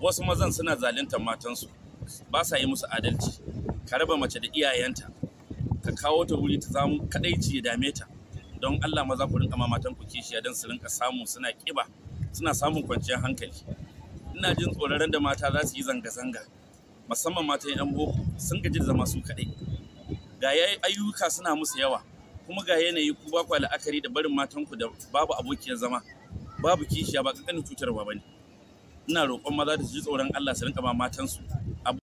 wasu mazan suna zaluntar matansu ba sa yi musu adalci ka raba mace da iyayenta ka kawo ta wuri ta kadai kadaici ya dame ta don Allah maza ku rinka matan ku kishiya don su rinka samu suna kiba suna samun kwanciyar hankali ina jin tsoron da mata za su yi zanga-zanga musamman matan yan boko sun gaji da zama su kadai ga ayyuka suna musu yawa kuma ga yanayi ku ba ku la'akari da barin matan da babu abokiyar zama babu kishiya ba kankanin cutarwa ba ne ina roƙon maza da su ji tsoron Allah su rinka ba matansu